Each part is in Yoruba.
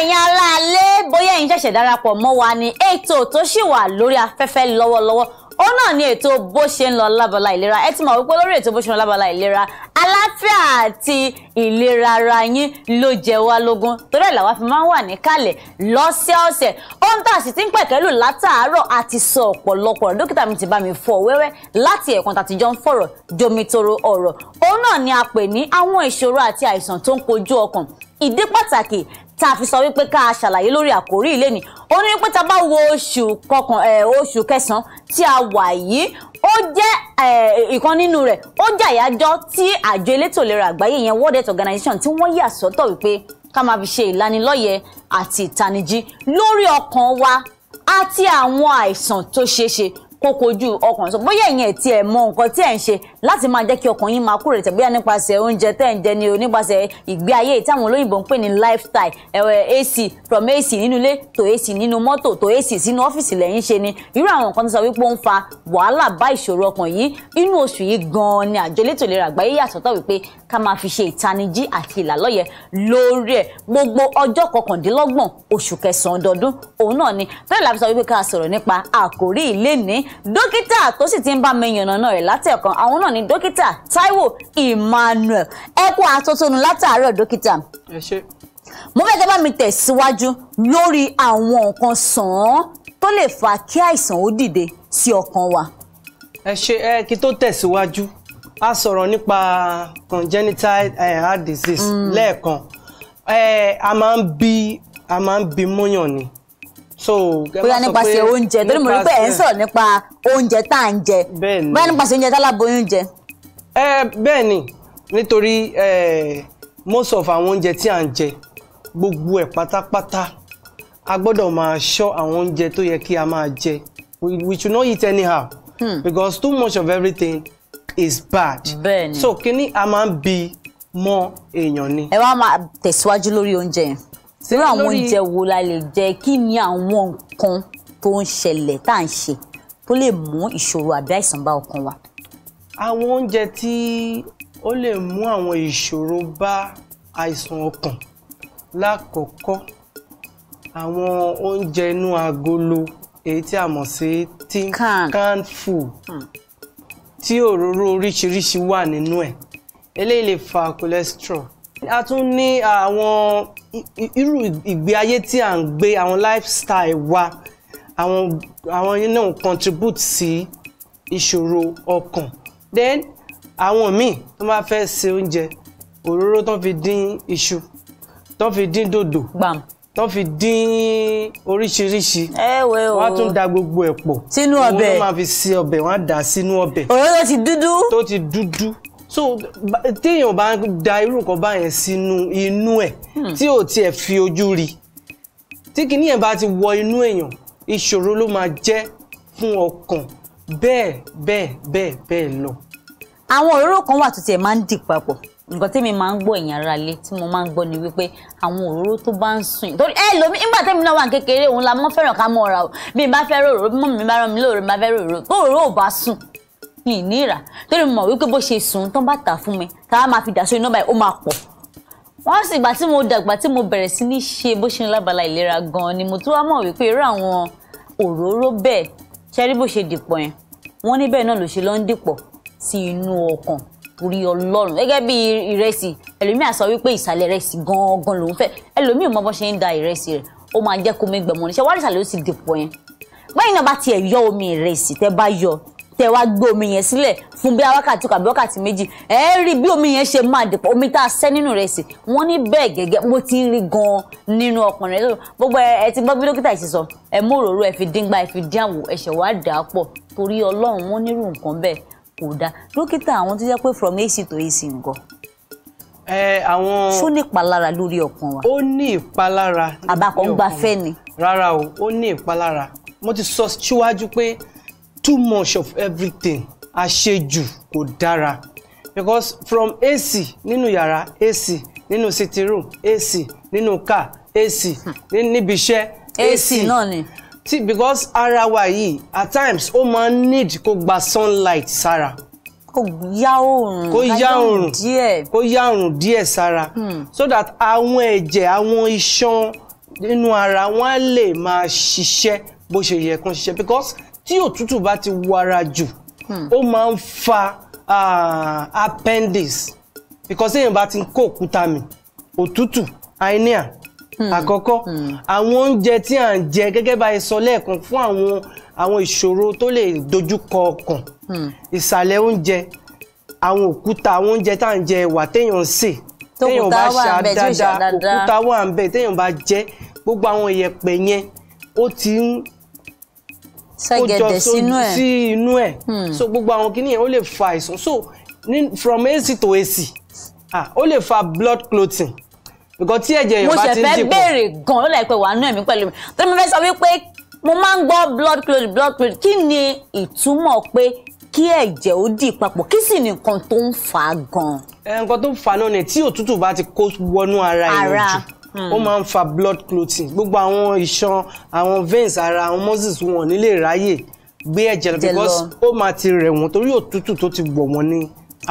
ẹ̀yin aláalé bóyá ẹ̀yin ṣẹ̀ṣẹ̀ darapọ̀ mọ́ wa ni ètò tó ṣì wà lórí afẹ́fẹ́ lọ́wọ́lọ́wọ́ ó náà ní ètò bó ṣe ń lọ lábala ìlera ẹ ti mọ̀ wípé lórí ètò bó ṣe ń lọ lábala ìlera aláfíà àti ìlera ara yín ló jẹ wá lógún torí ẹ̀ làwa fi máa ń wà níkàlẹ̀ lọ́sẹ̀ọ̀sẹ̀ ohun tá a sì ti ń pẹ̀kẹ́lù látàárọ̀ àti sọ ọ̀pọ̀lọpọ̀ dókítà mi ti bá mi fọ wẹ́wẹ́ láti ẹ̀kan tàti jọ ń fọ̀rọ̀ jomitoro ọ̀rọ̀ òun náà ni a pè ní àwọn ìṣòro àti àìsàn tó ń kojú ọkàn ìdí pàtàkì tá a fi sọ wípé ká a ṣàlàyé lórí àkórí ilé ni ó ní pé tá a bá wo oṣù kọkàn eh, oṣù kẹsànán tí a wà yìí ó jẹ́ eh, ìkan nínú rẹ̀ ó jẹ́ àyájọ́ tí àjọ elétò ìlera àgbáyé yẹn World Health Organization tí wọ́n yà sọ́tọ̀ wípé ká máa fi ṣe ìlanilọ́yẹ̀ àti ìtanijí lórí ọkàn wa àti àwọn àìsàn tó ṣeé ṣe kó kojú ọkàn sọ bóyá ìyẹn ẹ̀ tiẹ̀ mọ nǹkan tí ẹ̀ ń ṣe láti máa jẹ́ kí ọkàn máa kúrò tẹ̀ bóyá nípasẹ̀ oúnjẹ tẹ̀ ń jẹ ni o nípasẹ̀ ìgbé ayé tí àwọn olóyìnbó ń pè ní lifestyle ẹ̀wẹ̀ AC from AC nínú ilé to AC nínú mọ́tò to AC sínú ọ́fíìsì lẹ́yìn ṣe ni irú àwọn nǹkan tó sọ wípé ó ń fa wàhálà bá ìṣòro ọkàn yìí inú oṣù yìí gan-an ni àjọ elétò ìlera àgbáyé yàtọ̀tọ̀ wípé ká máa fi ṣe ìtanijí àti ìlàlọ́yẹ̀ lórí ẹ̀ gbogbo ọjọ́ kọkàndínlọ́gbọ̀n oṣù kẹsàn-án ọdọọdún òun náà ni bẹ́ẹ̀ la fi sọ wípé ká sọ̀rọ̀ nípa àkórí ìlénìí dókítà tó sì ti ń bá mi yànnàná rẹ̀ látẹ̀kan àwọn náà ni dókítà Táíwò Emmanuel ẹ kú àtótónu látàárọ̀ dókítà. ẹ ṣe. mo fẹ́ kẹ́ bá mi tẹ̀síwájú lórí àwọn nǹkan sàn-án tó lè fa kí àìsàn ó dìde sí ọkàn wa. ẹ ṣe ẹ kí tó tẹ̀síwájú a sọ̀rọ̀ nípa congenital eh, heart disease mm. lẹ́ẹ̀kan eh, a máa ń bí a máa ń bí mọ́yàn ni so bóyá nípasẹ̀ oúnjẹ torí mo rí pé ẹ̀ ń sọ̀rọ̀ nípa oúnjẹ tá à ń jẹ bóyá nípasẹ̀ oúnjẹ táláboyún jẹ. ẹ bẹ́ẹ̀ ni nítorí most of àwọn oúnjẹ tí à ń jẹ gbogbo ẹ̀ pátápátá a gbọ́dọ̀ máa ṣọ́ àwọn oúnjẹ tó yẹ kí a máa jẹ we, should not eat anyhow hmm. because too much of everything is bad so kíní a máa ń bi mọ èèyàn ni. ẹ wá máa tẹ̀síwájú lórí oúnjẹ yẹn irú àwọn oúnjẹ wo la lè jẹ kí ni àwọn nǹkan tó ń ṣẹlẹ̀ tá à ń ṣe tó lè mú ìṣòro àbí àìsàn bá ọkàn wa. àwọn oúnjẹ tí ó lè mú àwọn ìṣòro bá àìsàn ọkàn lákọ̀ọ́kọ́ àwọn oúnjẹ inú agolo èyí tí a mọ̀ sí tin canned food hmm. tí òróró oríṣiríṣi wà nínú ẹ̀ eléyìí lè fa cholesterol a tún ní àwọn irú ìgbé ayé tí à ń gbé àwọn lifestyle wa àwọn àwọn yẹn náà contribute sí ìṣòro ọkàn then àwọn míì tó máa fẹ́ ṣe oúnjẹ òróró tó fi dín iṣu tó fi dín dòdò tó fi dín oríṣiríṣi wọ́n á tún da gbogbo ẹ̀ pọ̀ sínú ọbẹ̀ wọ́n máa fi ṣe ọbẹ̀ wọ́n á dà á sínú ọbẹ̀ òróró ti dúdú tó ti dúdú so téèyàn bá da irú nǹkan báyẹn sínú inú ẹ̀ hmm. tí ò tiẹ̀ fi ojú rí tí kinní yẹn bá ti wọ inú èèyàn ìṣòro ló máa jẹ́ fún ọkàn bẹ́ẹ̀ bẹ́ẹ̀ bẹ́ẹ̀ bẹ́ẹ̀ lọ. àwọn òróró kan wà tó tiẹ̀ máa ń dì papọ̀ nǹkan tẹ́mi máa ń gbọ́ èèyàn ara lé tí mo máa ń gbọ́ ni wípé àwọn òróró tó bá ń sùn torí ẹ lómi nígbà tẹ́mi náà wà kékeré òun la mọ́ fẹ́ràn ká mọ́ ra o bí n bá fẹ́ òróró mọ́ mi bá rán mi lóòrè bá fẹ́ rò òróró òróró ò bá sùn mi ní ìrà torí mo mọ̀ wípé bó ṣe sùn tán bá tà fún mi tá a máa fi dà sórí nọ́mbà yìí ó máa pọ̀ wọ́n sì gbà tí mo dàgbà tí mo bẹ̀rẹ̀ sí ní ṣe bó ṣe ń lábala ìlera gan-an ni mo tún wá mọ̀ wípé irú àwọn òróró bẹ́ẹ̀ ṣẹ́rí bó ṣe dìpọ̀ yẹn wọ́n ní bẹ́ẹ̀ náà ló ṣe lọ ń dìpọ̀ sí inú ọkàn torí ọlọ́run gẹ́gẹ́ bí ìrẹsì ẹlòmíì á sọ wípé ìsàlẹ̀ ìrẹsì gangan lòún fẹ́ ẹlòmíì mọ bó ṣe ń da ìrẹsì rẹ̀ ó máa jẹ́ kó mi gbẹ̀mọ́ níṣẹ́ wárí ìsàlẹ̀ ó sì dìpọ̀ yẹn báyìí náà bá tiẹ̀ yọ omi ìrẹsì tẹ́ bá yọ tẹ wá gbé omi yẹn sílẹ̀ fún bí wákàtí kan àbí wákàtí méjì ẹ rí bí omi yẹn ṣe máa dìpọ̀ omi tá a sẹ́ nínú rẹ̀ sí wọ́n ní bẹ́ẹ̀ gẹ́gẹ́ mo ti rí gan-an nínú ọkàn rẹ̀ gbogbo ẹ ti gbọ́ bí dókítà yìí sọ ẹ mú òróró ẹ fi díngbà ẹ fi dín àwò ẹ̀ṣẹ̀ wá dà á pọ̀ torí ọlọ́run wọ́n nírú nǹkan bẹ́ẹ̀ kò dáa dókítà àwọn tó jẹ́ pé from ac to ac nǹkan ẹ àwọn. ṣó ní ìpalára lórí ọkàn wa. ó ní ìpalára. àbákọ̀ ń gbafẹ́ ni. rárá o ó ní ìpalára mo ti sọ síwájú pé too much of everything àṣejù kò dára because from AC nínú yàrá AC nínú sitting room AC nínú car AC níbi iṣẹ́ AC náà ni. see because ara wa yìí at times ó máa ń need kó gba sunlight sára. kó yá oòrùn kó yá oòrùn díẹ̀ kó yá oòrùn díẹ̀ sára hmm. so that àwọn ẹ̀jẹ̀ àwọn iṣan nínú ara wọn á lè máa ṣiṣẹ́ bó ṣe yẹ kán ṣiṣẹ́ because tí òtútù bá ti wọ ara jù hmm. ó máa ń fa uh, appendix because èèyàn bá ti ń kó òkúta mì òtútù hernia hmm. àkọ́kọ́ hmm. àwọn oúnjẹ tí à ń jẹ gẹ́gẹ́ bá ẹ sọ lẹ́ẹ̀kan fún àwọn àwọn ìṣòro tó lè dojúkọ ọkàn ìsàlẹ̀ oúnjẹ àwọn òkúta àwọn oúnjẹ tá à ń jẹ ẹ̀wà téèyàn sè téèyàn bá ṣá dáadáa òkúta wà ń bẹ téèyàn bá jẹ gbogbo àwọn ìyẹ̀pẹ̀ yẹn ó ti ń sẹ́gẹ̀dẹ̀ sínú ẹ̀ sí inú hmm. so gbogbo àwọn kìíní yẹn ó lè fa àìsàn so from AC to AC ah ó lè fa blood clotting because tí ẹ̀jẹ̀ yẹn bá ti ń dìbò. mo ṣe fẹ́ béèrè gan-an ó lè pẹ́ wàá nú ẹ̀mí pẹ̀lú mi torí mo fẹ́ sọ wípé mo máa ń gbọ́ blood clotting blood clotting kí ni ìtumọ̀ pé kí ẹ̀jẹ̀ ó dì papọ̀ kí sì ni nǹkan tó ń fà á gan-an. Eh, nǹkan tó ń fà náà ni tí òtútù bá ti kó wọnú ara èèyàn jù ó hmm. máa ń fa blood clotting gbogbo àwọn iṣan àwọn veins ara àwọn muscles wọn ní lè ráyè gbé ẹ̀jẹ̀ lọ because ó máa ti rẹ̀ wọ́n torí òtútù tó ti wọ̀ wọ́n ní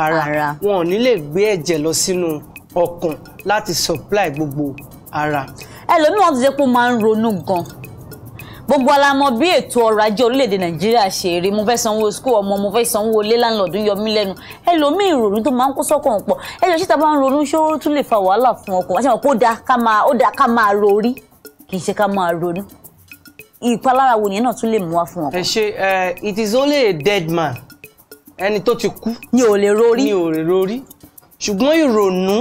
ara wọn ò ní lè gbé ẹ̀jẹ̀ lọ sínú ọkàn láti supply gbogbo ara. ẹlòmíràn ti jẹ́ pé ó máa ń ronú gan-an gbogbo ala mọ̀ bí ètò ọrọ̀ ajé orílẹ̀-èdè nàìjíríà ṣe rí mo fẹ́ sanwó skul ọmọ mo fẹ́ sanwó ilé láńlọ́ọ̀dù yọ mí lẹ́nu ẹlòmíì ìrònú tó máa ń kó sọ́kàn pọ̀ ẹjọ́ ṣíta bá ń ronú ṣòro tún lè fa wàhálà fún ọkàn àti àwọn kó dáa ká máa ó dáa ká máa rorí kì í ṣe ká máa ronú ìpalára wo nìyẹn náà tún lè mú wá fún ọkàn. ẹ ṣe it is only a dead man ẹni tó ti kú ni ò lè rorí ni ò lè rorí ṣùgbọ́n ìrònú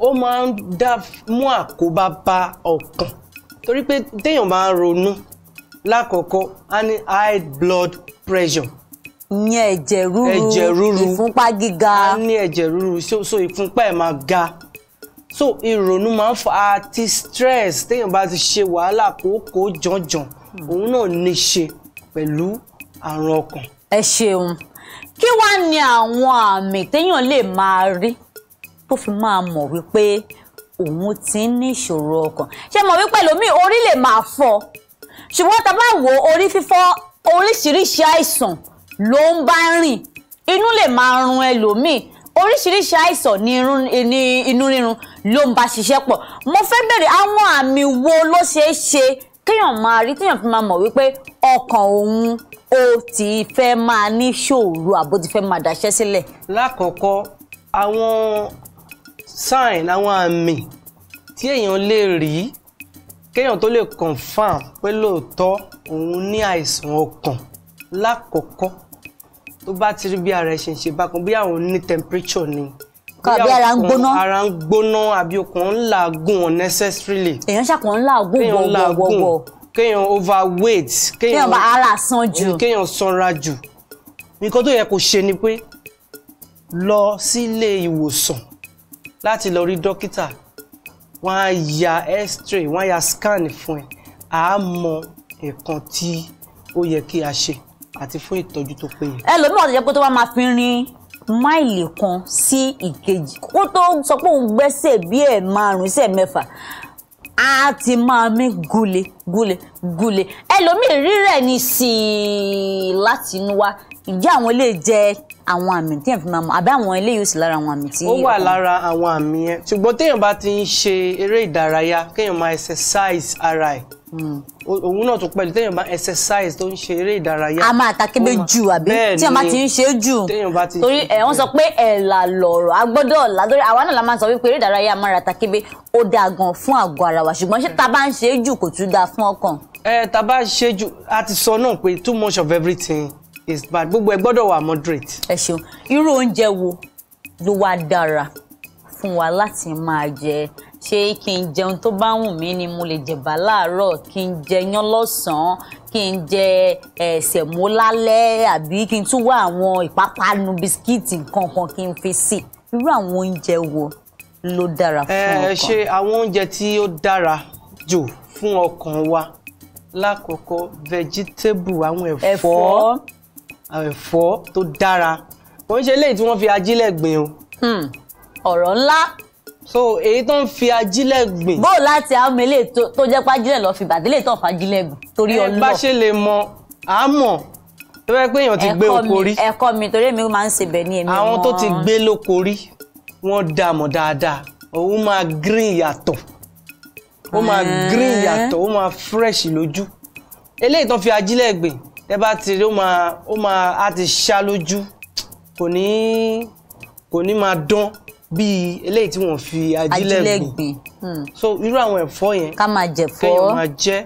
ó máa ń dá mú àkóbá bá ọkàn torí pé téèyàn bá ń ronú lákọ̀ọ́kọ́ a ní high blood pressure. ìyẹn ẹ̀jẹ̀ ríru ẹ̀jẹ̀ ríru ìfúnpá gíga. a ní ẹ̀jẹ̀ ríru so so ìfúnpá ẹ̀ máa ga so ìrònú máa ń fa àti stress téèyàn bá ti ṣe wàhálà kókó jànjàn òun náà ní í ṣe pẹ̀lú àrùn ọkàn. ẹ ṣeun kí wàá ní àwọn àmì téèyàn lè máa rí tó fi máa mọ̀ wípé òun ti ń ní ìṣòro ọkàn ṣé mọ̀ wípé lómi orí lè máa fọ́ ọ ṣùgbọ́n tá a bá wo orí fífọ́ oríṣiríṣi àìsàn ló ń bá rìn inú lè máa run ẹlòmíì oríṣiríṣi àìsàn ní inú rírun ló ń bá ṣiṣẹ́ pọ̀ mo fẹ́ bèrè àwọn àmì wo ló ṣeé ṣe kéèyàn máa rí téèyàn fi máa mọ̀ wípé ọkàn òun ó ti fẹ́ máa ní ṣòro àbó ti fẹ́ máa dáṣẹ́ sílẹ̀. lákọ̀ọ́kọ́ àwọn sign àwọn àmì tí èèyàn lè rí kéèyàn tó lè confam pé lóòótọ́ òun ní àìsàn ọkàn lákọ̀ọ́kọ́ tó bá ti rí bí ara ẹ̀ ṣe ń ṣe bákan bí àwọn ní temperature ni kàbí ara ń gbóná ara ń gbóná àbí okùn ń làágùn unnecessarily. èèyàn ṣàkàn ń làágùn gbọ̀gbọ̀gbọ̀. kéèyàn overweight. kéèyàn bá ara san jù. kéèyàn sanra jù. nǹkan tó yẹ kó ṣe ni pé lọ sílé ìwòsàn láti lọ rí dókítà wọ́n á ya x-ray wọ́n á ya scan fún ẹ á mọ nǹkan tí ó yẹ kí a ṣe àti fún ìtọ́jú tó péye. ẹ lómi ọ̀tọ̀ jẹ́ pé tó bá máa fi rin máìlì kan sí ìkejì kó tó sọ pé òun gbẹ́sẹ̀ bí ẹ̀ márùn-ún sí ẹ̀ mẹ́fà á ti máa mí gúle gúle gúle ẹlòmíì rírẹ̀ ni sí i láti inú wa ǹjẹ́ àwọn lè jẹ àwọn àmì tí èèyàn fi máa mọ̀ àbí àwọn eléyìí ò sí lára àwọn àmì tí. ó wà lára àwọn àmì yẹn ṣùgbọ́n téèyàn bá ti ń ṣe eré ìdárayá kéèyàn máa exercise ara ẹ̀ Hmm. òun náà tún pẹ̀lú téèyàn bá exercise tó ń ṣe eré ìdárayá. a máa takébé jù àbí téèyàn bá ti ń ṣe jù torí ẹ̀ wọ́n sọ pé ẹ̀là lọ̀rọ̀ a gbọ́dọ̀ là lórí àwa náà la máa sọ wípé eré ìdárayá máa ra takébé ó dáa gan fún àgọ́ ara wa ṣùgbọ́n ṣé ta bá ń ṣe jù kò tún dáa fún ọkàn. ẹ ta bá ṣe jù a ti sọ náà pé too much of everything is bad gbogbo ẹ gbọ́dọ̀ wà moderate. ẹ ṣeun irú oúnjẹ wo ló wá dára fún wa láti máa jẹ ṣé kí n jẹun tó bá wù mí ni mo lè jẹ̀bà láàárọ̀ kí n jẹyán lọ́sàn-án kí n jẹ ẹ̀sẹ̀mó lálẹ́ àbí kí n tún wá àwọn ìpápánu bisikíìtì nǹkan kan kí n fi sí irú àwọn oúnjẹ wo ló dára fún ọkàn. ẹ ṣe àwọn oúnjẹ tí ó dára jù fún ọkàn wa lákòókò vegetable àwọn ẹ̀fọ́ àwọn tó dára kò ṣe eléyìí tí wọ́n fi ajílẹ̀ gbìn o. Hmm. ọ̀rọ̀ ńlá so èyí tó ń fi ajílẹ̀ gbìn. bó láti àwọn ilé tó jẹ́ pájílẹ̀ lọ fi bàdélé tó fà ajílẹ̀ gbìn torí ọlọ́. ẹ bá ṣe lè mọ àmọ́ tó fẹ́ pé èèyàn ti gbé oko rí. ẹ̀kọ́ mi torí èmi máa ń ṣe bẹ̀ ní èmi. àwọn tó ti gbé lóko rí wọ́n dààmú dáadáa òun máa green yàtọ̀ ó máa green yàtọ̀ ó máa fresh lójú eléyìí tó fi ajílẹ̀ gbìn tẹ́ bá ti rí ó máa ó máa á ti ṣá lójú kò ní kò ní máa dán bíi eléyìí tí wọ́n fi ajílẹ̀ gbìn hmm. so irú àwọn ẹ̀fọ́ yẹn ká máa jẹ fọ́ kéèyàn máa jẹ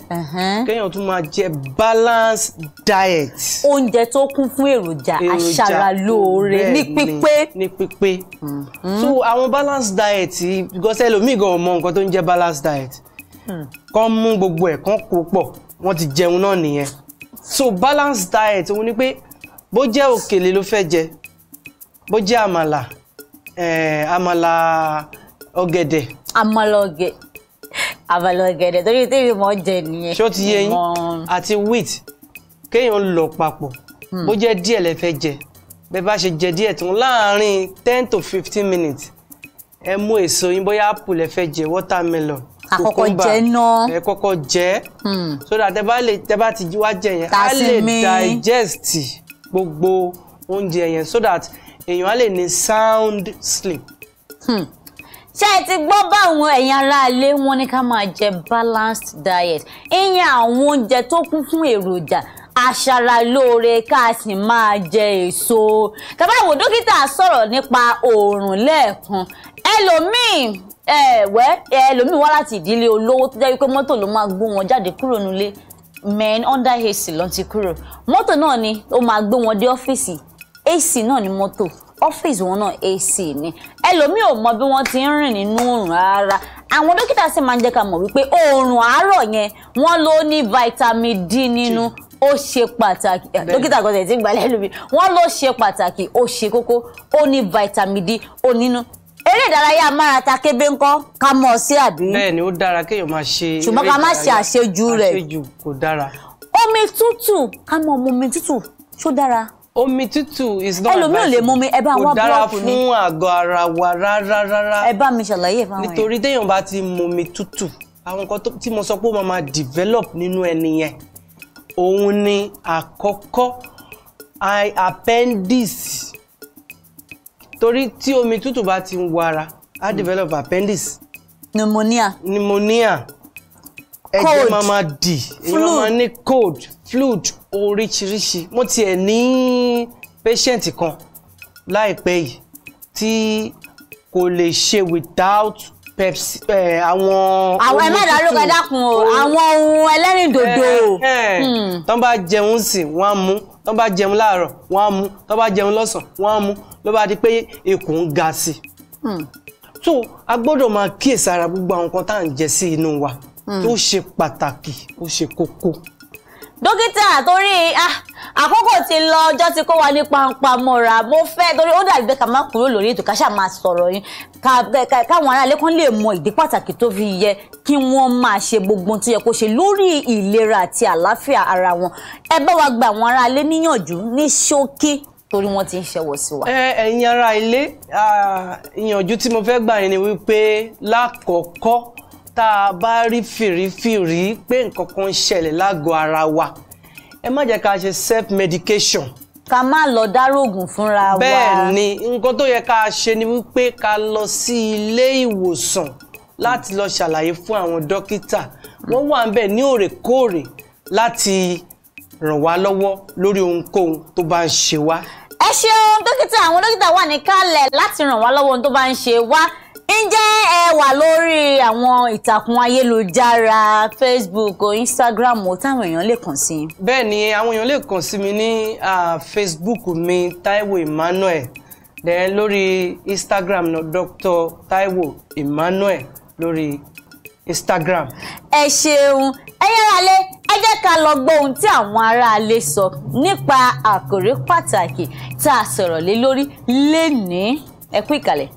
kéèyàn tún máa jẹ Balance diet. oúnjẹ tó kún fún èròjà aṣaralóore ní pípé. ní pípé hmm. so àwọn balance diet because ẹlòmíì gan ọmọ nǹkan tó ń jẹ balance diet hmm. kán mú gbogbo ẹ̀ kán kó pọ̀ wọ́n ti jẹun náà nìyẹn so balance diet òun ni pé bó jẹ́ òkèlè ló fẹ́ jẹ bó jẹ́ àmàlà àmàlà ọ̀gẹ̀dẹ̀. àmàlà ọ̀gẹ̀ àmàlà ọ̀gẹ̀dẹ̀ torí tèmi mọ̀ jẹ nìyẹn. ṣó ti yé yín àti wheat kéèyàn lọ papọ̀ bó hmm. jẹ́ díẹ̀ lẹ fẹ́ jẹ bẹ bá ṣe jẹ díẹ̀ tán láàárín ten to fifteen minutes ẹ mú èso yín bóyá apple lẹ fẹ́ jẹ watermelon àkọ́kọ́ jẹ náà ẹ kọ́kọ́ jẹ hmm. so that tẹ bá ti wá jẹ yẹn á lè digest gbogbo oúnjẹ yẹn so that èèyàn á lè ní sound sleep. Hmm. ṣé ẹ ti gbọ́ báwọn ẹ̀yin aráalé wọn ní ká máa jẹ balanced diet ìyẹn àwọn oúnjẹ tó kún fún èròjà aṣaralóore ká sì máa jẹ èso tàbáwò dókítà sọ̀rọ̀ nípa oòrùn lẹ́ẹ̀kan ẹlòmíì ẹ̀wẹ́ ẹlòmíì wá láti ìdílé olówó tó jẹ́ wípé mọ́tò ló máa gbó wọn jáde kúrò nílé men under age ló ti kúrò mọ́tò náà ni ó máa gbé wọn dé ọ́fíìsì AC náà ni mọ́tò ọ́fíìsì wọn náà AC ni ẹlòmíì ò mọ bí wọ́n ti ń rìn nínú oòrùn rárá àwọn dókítà sì máa ń jẹ́ ká mọ̀ wípé oòrùn àárọ̀ yẹn wọ́n ló ní vitamin D nínú ó ṣe pàtàkì dókítà kan tẹ̀ tí ń gbalẹ̀ lómi wọ́n ló ṣe pàtàkì ó ṣe kókó ó ní vitamin D ó nínú eré ìdárayá amárata kébé ńkọ́ ká mọ̀ ọ́ sí àbí. bẹ́ẹ̀ni ó dára kéèyàn máa ṣe eré ìdárayá ṣùgbọ́n ká má ṣe àṣejù rẹ̀ àṣejù kò dára. omi tútù ká mọ omi tútù ṣó dára omi tútù is not advisable ẹlòmíràn lè mú mi ẹ bá wọn búlọ́ọ̀kù ni kò dára fún àgọ́ ara wa rárá rárá ẹ bá mi ṣàlàyé fáwọn yẹn nítorí téèyàn bá ti mu omi tútù àwọn nǹkan tí mo sọ pé ó máa máa develop nínú ẹni yẹn òun ni àkọ́kọ́ appendix torí tí omi tútù bá ti ń wọ ara I hmm. develop appendix. pneumonia. pneumonia ẹ̀jẹ̀ máa máa dì èyí máa ní cold fluid oríṣiríṣi mo tiẹ̀ ní patient kan láìpẹ́ yìí tí kò lè ṣe without pepsi ẹ àwọn. àwọn ẹ má dárúkọ ẹ dákun o oh. àwọn ohun ẹlẹ́rìndòdò. Hmm. tọ́n bá jẹun sí wọ́n á mú tọ́n bá jẹun láàárọ̀ wọ́n á mú tọ́n bá jẹun lọ́sàn wọ́n á mú ló bá di pé ikùn ń ga sí i. Hmm. so a gbọ́dọ̀ máa kíyèsára gbogbo àwọn nǹkan tá à ń jẹ sí inú wa tó hmm. ṣe pàtàkì ó ṣe kókó dókítà torí ah, àkókò ti lọ ọjọ́ ti kó wa ní pampamọ́ra mo fẹ́ torí ó dàbí bẹ́ẹ̀ ká má kúrò lórí ètò ká ṣáà máa sọ̀rọ̀ yín káwọn aráalé kan lè mọ ìdí pàtàkì tó fi yẹ kí wọ́n máa ṣe gbogbo tó yẹ kó ṣe lórí ìlera àti àlàáfíà ara wọn ẹ bá wa gba àwọn aráalé níyànjú ní ṣókí torí wọ́n ti ń ṣẹ̀wọ̀ sí wa. ẹ̀yin ará ilé ah, ìyànjú tí mo fẹ́ gbà yín ni wípé lákọ̀ọ́kọ́ tá a bá rí fìrífìrí pé nǹkan kan ń ṣẹlẹ̀ lágọ̀ọ́ ara wa ẹ má jẹ́ ká ṣe self medication ká má lọ dárógùn fúnra wa. bẹ́ẹ̀ ni nǹkan tó yẹ ká ṣe ni wípé ká lọ sí ilé ìwòsàn láti lọ ṣàlàyé fún àwọn dókítà wọ́n wà ń bẹ̀ ní òrèkóòrè láti ràn wá lọ́wọ́ lórí ohunkóhun tó bá ń ṣe wá. ẹ ṣeun dókítà àwọn dókítà wà níkàlẹ̀ láti ràn wá lọ́wọ́ ohun tó bá ń ṣe wá ǹjẹ́ ẹ wà lórí àwọn ìtàkùn ayélujára facebook o instagram o táwọn èèyàn lè kàn sí. bẹ́ẹ̀ ni àwọn èèyàn lè kàn sí mi ní facebook mi taiwo emmanuel then lórí instagram náà dr taiwo emmanuel lórí instagram. ẹ ṣeun ẹ yára lé ẹ jẹ́ ká lọ gbọ́ ohun tí àwọn aráalé sọ nípa àkòrí pàtàkì tá a sọ̀rọ̀ lé lórí lénìí ẹ kú ìkàlẹ̀.